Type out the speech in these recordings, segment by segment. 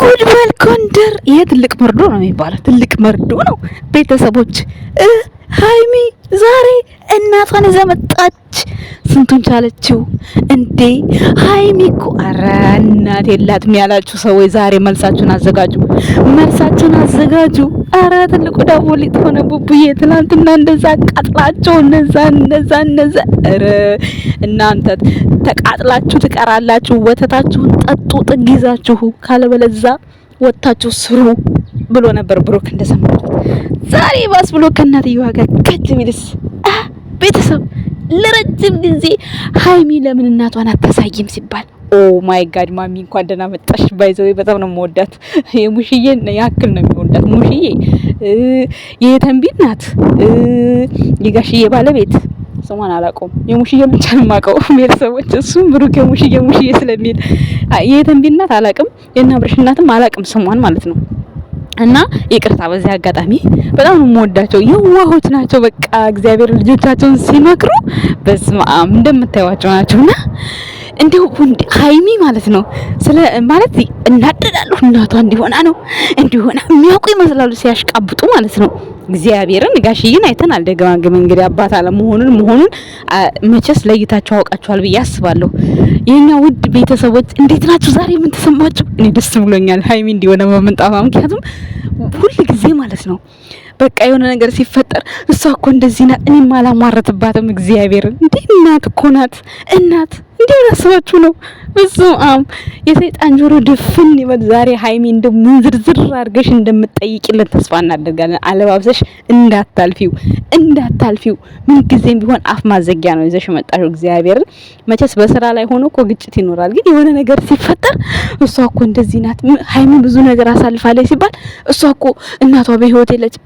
ጉድ በል ኮንደር፣ ይሄ ትልቅ መርዶ ነው የሚባለው፣ ትልቅ መርዶ ነው። ቤተሰቦች ሀይሚ ዛሬ እናቷን ይዛ መጣች። ስንቱን ቻለችው እንዴ ሀይሚ እኮ ኧረ እናት የላትም ያላችሁ ሰዎች ዛሬ መልሳችሁን አዘጋጁ፣ መልሳችሁን አዘጋጁ። ኧረ ትልቁ ዳቦ ሊጥ ሆነ ቡቡዬ። ትናንትና እንደዛ ቃጥላቸው እነዛ እነዛ እነዛ ኧረ እናንተ ተቃጥላችሁ ትቀራላችሁ። ወተታችሁን ጠጡ ጥግ ይዛችሁ፣ ካለበለዛ ወታችሁ ስሩ ብሎ ነበር ብሩክ እንደሰማሁት። ዛሬ ባስ ብሎ ከእናትየዋ ጋር ከጅ ቤተሰብ ለረጅም ጊዜ ሀይሚ ለምን እናቷን አታሳይም ሲባል ኦ ማይ ጋድ ማሚ እንኳን ደህና መጣሽ። ባይዘዌ በጣም ነው የምወዳት። የሙሽዬን ያክል ነው የሚወዳት። ሙሽዬ የተንቢ ናት፣ የጋሽዬ ባለቤት ስሟን አላውቀውም። የሙሽዬ ብቻ ነው የማውቀው ቤተሰቦች። እሱም ብሩክ የሙሽዬ ሙሽዬ ስለሚል የተንቢ ናት አላውቅም። የእነ አብረሽ እናትም አላውቅም ስሟን ማለት ነው እና ይቅርታ በዚህ አጋጣሚ በጣም የምወዳቸው የዋሆች ናቸው። በቃ እግዚአብሔር ልጆቻቸውን ሲመክሩ በስመ አብ እንደምታዩዋቸው ናቸውና እንዲሁ ሀይሚ ማለት ነው ስለ ማለት እናደዳሉ። እናቷ እንዲሆና ነው እንዲሆና የሚያውቁ ይመስላሉ ሲያሽቃብጡ ማለት ነው። እግዚአብሔርን ጋሽዬን አይተናል። ደግማግም እንግዲህ አባት አለመሆኑን መሆኑን መቼስ ለይታችሁ አውቃችኋል ብዬ አስባለሁ። የኛ ውድ ቤተሰቦች እንዴት ናችሁ? ዛሬ ምን ተሰማችሁ? እኔ ደስ ብሎኛል ሀይሚ እንዲሆነ በመምጣቷ። ምክንያቱም ሁል ጊዜ ማለት ነው በቃ የሆነ ነገር ሲፈጠር እሷ እኮ እንደዚህ ናት፣ እኔም አላሟረትባትም። እግዚአብሔርን እንዴ እናት እኮ ናት እናት እንዴት አስባችሁ ነው? እሱም አም የሰይጣን ጆሮ ድፍን ይበል። ዛሬ ሀይሚ እንደ ምንዝርዝር አድርገሽ እንደምትጠይቂለት ተስፋ እናደርጋለን። አለባብሰሽ እንዳታልፊው እንዳታልፊው። ምንጊዜም ቢሆን አፍ ማዘጊያ ነው ይዘሽ መጣሽው። እግዚአብሔርን መቼስ በስራ ላይ ሆኖ እኮ ግጭት ይኖራል። ግን የሆነ ነገር ሲፈጠር እሷ እኮ እንደዚህ ናት፣ ሀይሚ ብዙ ነገር አሳልፋለች ሲባል እሷ እኮ እናቷ በህይወት የለችም።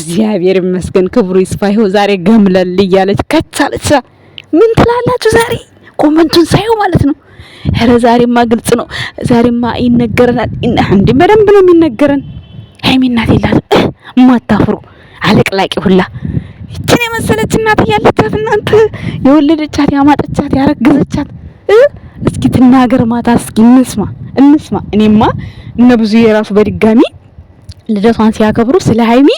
እግዚአብሔር ይመስገን፣ ክብሩ ይስፋ። ይኸው ዛሬ ገምለል እያለች ከቻለች። ምን ትላላችሁ ዛሬ? ኮመንቱን ሳየው ማለት ነው። ኧረ ዛሬማ ግልጽ ነው። ዛሬማ ይነገረናል። እንዲ በደንብ ነው የሚነገረን። ሀይሚ እናት የላትም ማታፍሩ አለቅላቂ ሁላ ይችን የመሰለች እናት እያለቻት እናንተ የወለደቻት ያማጠቻት ያረገዘቻት እስኪ ትናገር ማታ። እስኪ እንስማ እንስማ። እኔማ እነ ብዙ የራሱ በድጋሚ ልደቷን ሲያከብሩ ስለ ሀይሚ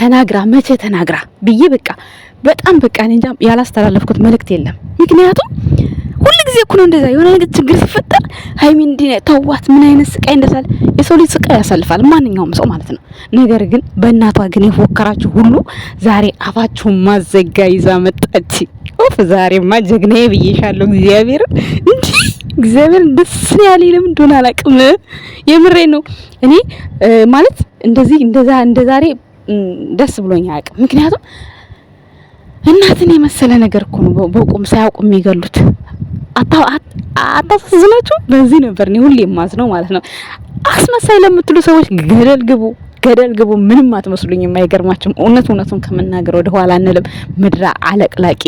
ተናግራ መቼ ተናግራ ብዬ በቃ በጣም በቃ እንጃ ያላስተላለፍኩት መልእክት የለም። ምክንያቱም ጊዜ እኮ ነው እንደዛ የሆነ ነገር ችግር ሲፈጠር ሀይሚ እንዲህ ተዋት፣ ምን አይነት ስቃይ እንደሳል። የሰው ልጅ ስቃይ ያሳልፋል ማንኛውም ሰው ማለት ነው። ነገር ግን በእናቷ ግን የፎከራችሁ ሁሉ ዛሬ አፋችሁን ማዘጋ ይዛ መጣች። ኦፍ ዛሬማ ጀግናዬ ብዬሻለሁ። እግዚአብሔር እንጂ እግዚአብሔር ደስ ያለኝ ለምን እንደሆነ አላውቅም። የምሬ ነው። እኔ ማለት እንደዚህ እንደዛ እንደዛሬ ደስ ብሎኝ አያውቅም። ምክንያቱም እናትን የመሰለ ነገር እኮ ነው በቁም ሳያውቁ የሚገሉት። አታሳዝናችሁ? በዚህ ነበር እኔ ሁሌ የማዝነው ማለት ነው። አስመሳይ ለምትሉ ሰዎች ገደል ግቡ፣ ገደል ግቡ። ምንም አትመስሉኝ። የማይገርማችሁም እውነት እውነቱን ከመናገር ወደ ኋላ አንልም። ምድራ አለቅላቂ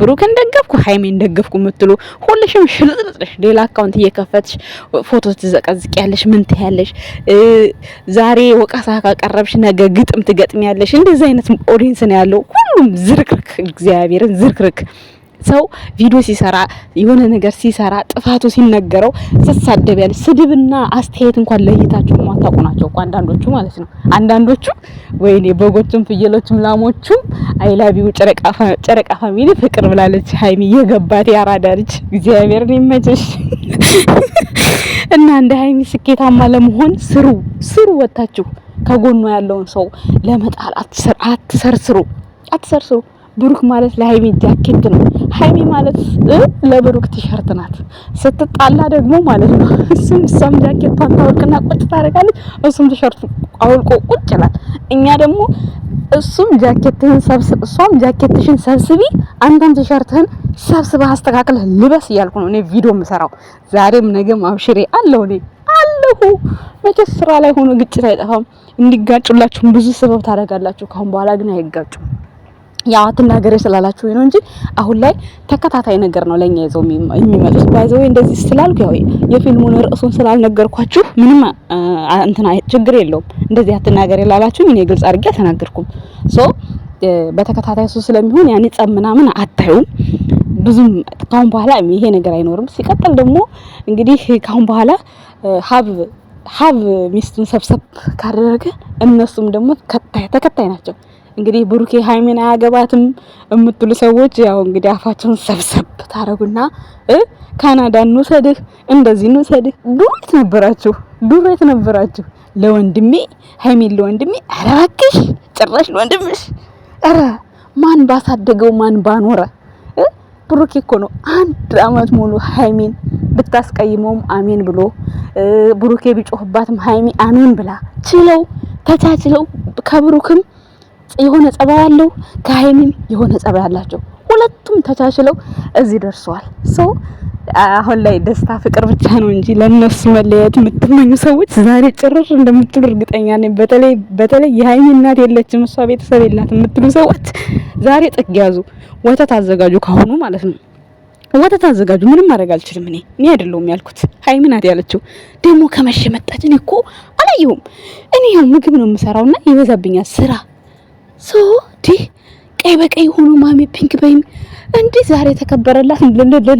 ብሩክን ደገፍኩ ሀይሜን ደገፍኩ የምትሉ ሁልሽም ሽልጥልጥሽ፣ ሌላ አካውንት እየከፈትሽ ፎቶ ትዘቀዝቅ ያለሽ ምን ትያለሽ? ዛሬ ወቀሳ ካቀረብሽ ነገ ግጥም ትገጥሚ ያለሽ። እንደዚህ አይነት ኦዲንስ ነው ያለው። ሁሉም ዝርክርክ፣ እግዚአብሔርን ዝርክርክ ሰው ቪዲዮ ሲሰራ የሆነ ነገር ሲሰራ ጥፋቱ ሲነገረው ስሳደብ ያለ ስድብና አስተያየት እንኳን ለይታችሁ የማታውቁ ናቸው እኮ አንዳንዶቹ ማለት ነው። አንዳንዶቹ ወይኔ በጎቹም ፍየሎቹም ላሞቹም አይላቢው ጨረቃ ፋሚሊ ፍቅር ብላለች ሀይሚ የገባት ያራዳ ልጅ እግዚአብሔርን ይመችሽ እና እንደ ሀይሚ ስኬታማ ለመሆን ስሩ ስሩ ወታችሁ ከጎኗ ያለውን ሰው ለመጣል አትሰር አትሰርስሩ አትሰርስሩ ብሩክ ማለት ለሀይሚ ጃኬት ነው። ሀይሚ ማለት ለብሩክ ቲሸርት ናት። ስትጣላ ደግሞ ማለት ነው እሱም እሷም ጃኬቷን ታወልቅና ቁጭ ታደርጋለች፣ እሱም ቲሸርቱ አውልቆ ቁጭ ይላል። እኛ ደግሞ እሱም ጃኬትህን ሰብስብ፣ እሷም ጃኬትሽን ሰብስቢ፣ አንተም ቲሸርትህን ሰብስበህ አስተካክለህ ልበስ እያልኩ ነው እኔ ቪዲዮ የምሰራው ዛሬም ነገም አብሽሬ አለው እኔ አለሁ። መቼስ ስራ ላይ ሆኖ ግጭት አይጠፋም። እንዲጋጩላችሁም ብዙ ሰበብ ታደርጋላችሁ። ካሁን በኋላ ግን አይጋጩም። ያው አትናገሪ ስላላችሁ ነው እንጂ አሁን ላይ ተከታታይ ነገር ነው ለኛ ይዘው የሚመጡት። ባይዘው እንደዚህ ስላልኩ ያው የፊልሙን ርዕሱን ስላልነገርኳችሁ ምንም እንትና ችግር የለውም። እንደዚህ አትናገሪ ላላችሁ እኔ ግልጽ አድርጌ አልተናገርኩም። ሶ በተከታታይ እሱ ስለሚሆን ያኔ ጸብ ምናምን አታዩም። ብዙም ካሁን በኋላ ይሄ ነገር አይኖርም። ሲቀጥል ደግሞ እንግዲህ ካሁን በኋላ ሀብ ሀብ ሚስቱን ሰብሰብ ካደረገ እነሱም ደግሞ ተከታይ ናቸው። እንግዲህ ብሩኬ ሀይሜን አያገባትም የምትሉ ሰዎች ያው እንግዲህ አፋቸውን ሰብሰብ ታረጉና ካናዳ እንውሰድህ እንደዚህ እንውሰድህ ዱሬት ነበራችሁ፣ ዱሬት ነበራችሁ። ለወንድሜ ሀይሜን ለወንድሜ ኧረ እባክሽ ጭራሽ ለወንድምሽ ኧረ ማን ባሳደገው ማን ባኖረ ብሩኬ እኮ ነው አንድ አመት ሙሉ ሀይሜን ብታስቀይመውም አሜን ብሎ ብሩኬ ቢጮህባትም ሀይሜ አሜን ብላ ችለው ተቻችለው ከብሩክም የሆነ ጸባይ ያለው ከሀይሚም የሆነ ጸባይ ያላቸው ሁለቱም ተቻችለው እዚህ ደርሰዋል። ሰው አሁን ላይ ደስታ ፍቅር ብቻ ነው እንጂ ለነሱ መለያየት የምትመኙ ሰዎች ዛሬ ጭርር እንደምትሉ እርግጠኛ ነኝ። በተለይ በተለይ የሀይሚ እናት የለችም እሷ ቤተሰብ የላት የምትሉ ሰዎች ዛሬ ጥግ ያዙ። ወተት አዘጋጁ ካሁኑ ማለት ነው። ወተት አዘጋጁ። ምንም ማድረግ አልችልም። እኔ እኔ አይደለሁም ያልኩት ሀይሚ ናት ያለችው። ደግሞ ከመሸ መጣች። እኔ እኮ አላየሁም። እኔ ያው ምግብ ነው የምሰራውና ይበዛብኛል ስራ ሰው ዲህ ቀይ በቀይ ሆኖ ማሚ ፒንክ በይም እንዲህ ዛሬ ተከበረላት።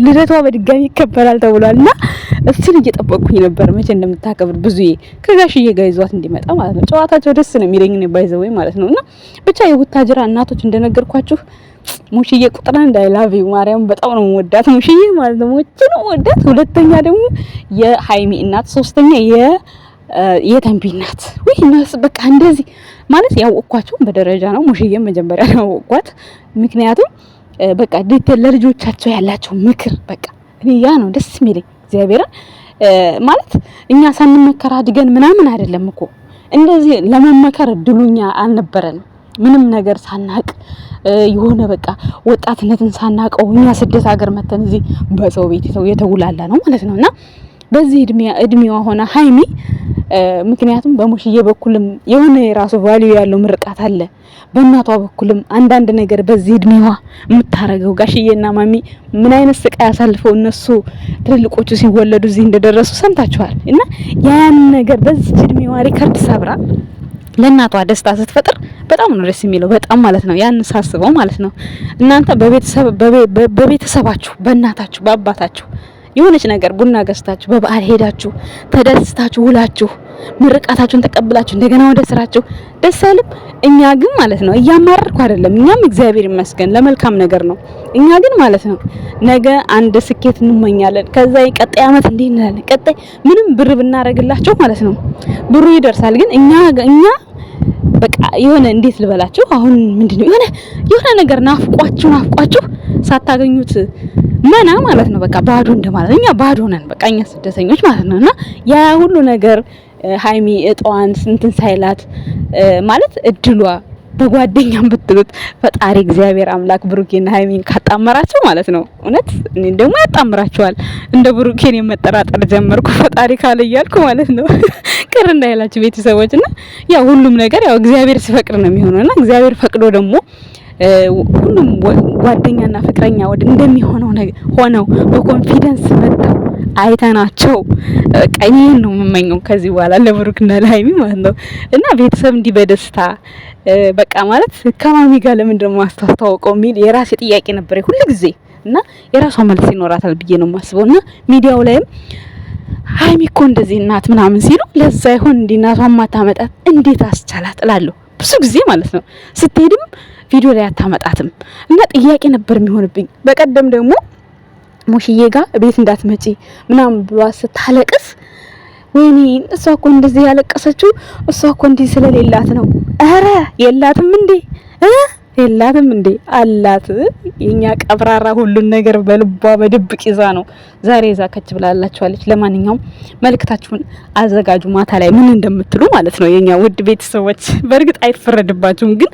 ልደቷ በድጋሚ ይከበራል ተብሏልና እሱን እየጠበቅኩኝ ነበር፣ መቼ እንደምታከብር ብዙዬ ከጋሽዬ ጋር ይዟት እንዲመጣ ማለት ነው። ጨዋታቸው ደስ ነው የሚለኝ ባይዘው ማለት ነው። እና ብቻ የቡታጅራ እናቶች እንደነገርኳችሁ ሙሽዬ ቁጥር አንድ አይ ላቭ ዩ ማርያም በጣም ነው ወዳት ሙሽዬ ማለት ነው። ወጭ ነው ወዳት። ሁለተኛ ደግሞ የሀይሚ እናት፣ ሶስተኛ የ የተንቢናት ወይ ነስ በቃ እንደዚህ ማለት ያወቅኳቸውን በደረጃ ነው። ሙሽዬም መጀመሪያ ያወቅኳት ምክንያቱም በቃ ዲቴል ለልጆቻቸው ያላቸው ምክር በቃ እኔ ያ ነው ደስ የሚለኝ። እግዚአብሔርን ማለት እኛ ሳንመከር አድገን ምናምን አይደለም እኮ እንደዚህ ለመመከር እድሉኛ አልነበረንም። ምንም ነገር ሳናቅ የሆነ በቃ ወጣትነትን ሳናቀው እኛ ስደት ሀገር መተን እዚህ በሰው ቤት የተውላላ ነው ማለት ነውና በዚህ እድሜዋ ሆነ ሀይሚ ምክንያቱም በሙሽዬ በኩልም የሆነ የራሱ ቫልዩ ያለው ምርቃት አለ። በእናቷ በኩልም አንዳንድ ነገር በዚህ እድሜዋ የምታረገው ጋሽዬና ማሚ ምን አይነት ስቃይ አሳልፈው እነሱ ትልልቆቹ ሲወለዱ እዚህ እንደደረሱ ሰምታችኋል። እና ያን ነገር በዚህ እድሜዋ ሪከርድ ሰብራ ለእናቷ ደስታ ስትፈጥር በጣም ነው ደስ የሚለው። በጣም ማለት ነው ያን ሳስበው ማለት ነው እናንተ በቤተሰብ በቤተሰባችሁ በእናታችሁ በአባታችሁ የሆነች ነገር ቡና ገዝታችሁ በበዓል ሄዳችሁ ተደስታችሁ ውላችሁ ምርቃታችሁን ተቀብላችሁ እንደገና ወደ ስራችሁ ደስ አይልም? እኛ ግን ማለት ነው እያማረርኩ አይደለም። እኛም እግዚአብሔር ይመስገን ለመልካም ነገር ነው። እኛ ግን ማለት ነው ነገ አንድ ስኬት እንመኛለን። ከዛ ቀጣይ አመት እንዲህ እንላለን። ቀጣይ ምንም ብር ብናደርግላቸው ማለት ነው ብሩ ይደርሳል። ግን እኛ እኛ በቃ የሆነ እንዴት ልበላችሁ አሁን ምንድነው የሆነ የሆነ ነገር ናፍቋችሁ ናፍቋችሁ ሳታገኙት መና ማለት ነው። በቃ ባዶ እንደማለት እኛ ባዶ ነን፣ በቃ እኛ ስደተኞች ማለት ነው። እና ያ ሁሉ ነገር ሀይሚ እጣዋን ስንትን ሳይላት ማለት እድሏ በጓደኛም ብትሉት ፈጣሪ እግዚአብሔር አምላክ ብሩኬና ሀይሚን ካጣመራቸው ማለት ነው። እውነት እኔ ደግሞ ያጣምራቸዋል። እንደ ብሩኬን የመጠራጠር ጀመርኩ ፈጣሪ ካለ እያልኩ ማለት ነው። ቅር እንዳይላችሁ ቤተሰቦች እና ያው ሁሉም ነገር ያው እግዚአብሔር ሲፈቅድ ነው የሚሆነው እና እግዚአብሔር ፈቅዶ ደግሞ ሁሉም ጓደኛና ፍቅረኛ ወደ እንደሚሆነው ሆነው በኮንፊደንስ መጥተው አይተናቸው ቀይን ነው የምመኘው ከዚህ በኋላ ለብሩክና ለሀይሚ ማለት ነው። እና ቤተሰብ እንዲህ በደስታ በቃ ማለት ከማሚ ጋር ለምንድን ነው ማስተዋወቀው የሚል የራሴ ጥያቄ ነበር ሁሉ ጊዜ እና የራሷ መልስ ይኖራታል ብዬ ነው የማስበው። እና ሚዲያው ላይም ሀይሚ እኮ እንደዚህ እናት ምናምን ሲሉ ለዛ ይሆን እንዲህ እናቷን ማታመጣት እንዴት አስቻላት እላለሁ ብዙ ጊዜ ማለት ነው ስትሄድም ቪዲዮ ላይ አታመጣትም እና ጥያቄ ነበር የሚሆንብኝ። በቀደም ደግሞ ሙሽዬ ጋር ቤት እንዳትመጪ ምናምን ብሏት ስታለቅስ ወይኔ እሷ እኮ እንደዚህ ያለቀሰችው እሷ እኮ እንዲህ ስለሌላት ነው። ኧረ የላትም እንዴ? የላትም እንዴ? አላት። የኛ ቀብራራ ሁሉን ነገር በልቧ በድብቅ ይዛ ነው ዛሬ ይዛ ከች ብላላችኋለች። ለማንኛውም መልእክታችሁን አዘጋጁ፣ ማታ ላይ ምን እንደምትሉ ማለት ነው። የኛ ውድ ቤተሰቦች፣ በእርግጥ አይፈረድባችሁም፣ ግን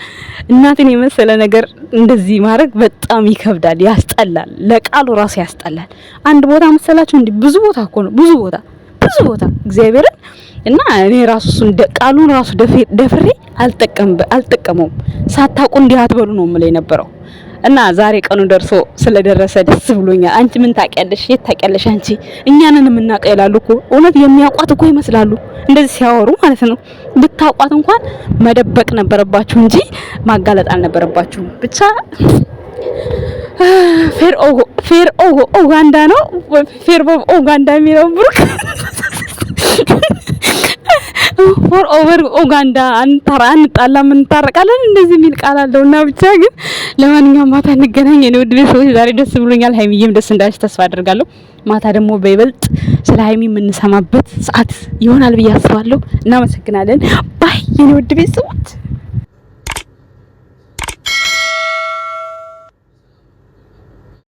እናትን የመሰለ ነገር እንደዚህ ማድረግ በጣም ይከብዳል፣ ያስጠላል። ለቃሉ ራሱ ያስጠላል። አንድ ቦታ መሰላችሁ እንዴ? ብዙ ቦታ እኮ ነው፣ ብዙ ቦታ፣ ብዙ ቦታ እግዚአብሔርን እና እኔ ራሱ እሱን ቃሉን ራሱ ደፍሬ አልጠቀመውም። ሳታውቁ እንዲህ አትበሉ ነው የምለው የነበረው እና ዛሬ ቀኑ ደርሶ ስለደረሰ ደስ ብሎኛል። አንቺ ምን ታውቂያለሽ? የት ታውቂያለሽ? አንቺ እኛንን የምናውቀው ይላሉ እኮ እውነት የሚያውቋት እኮ ይመስላሉ እንደዚህ ሲያወሩ ማለት ነው። ብታውቋት እንኳን መደበቅ ነበረባችሁ እንጂ ማጋለጥ አልነበረባችሁም። ብቻ ፌር ፌር ኦጋንዳ ነው ፌር ኦጋንዳ የሚለው ብሩክ ፎር ኦቨር ኡጋንዳ አንጣራ አንጣላም እንታረቃለን እንደዚህ የሚል ቃል አለውና ብቻ ግን ለማንኛውም ማታ እንገናኝ። እኔ ውድ ቤተሰቦች ዛሬ ደስ ብሎኛል። ሀይሚዬም ደስ እንዳለች ተስፋ አደርጋለሁ። ማታ ደግሞ በይበልጥ ስለ ሀይሚ የምንሰማበት ሰዓት ይሆናል ብዬ አስባለሁ። እናመሰግናለን። ባይ የኔ ውድ ቤተሰቦች።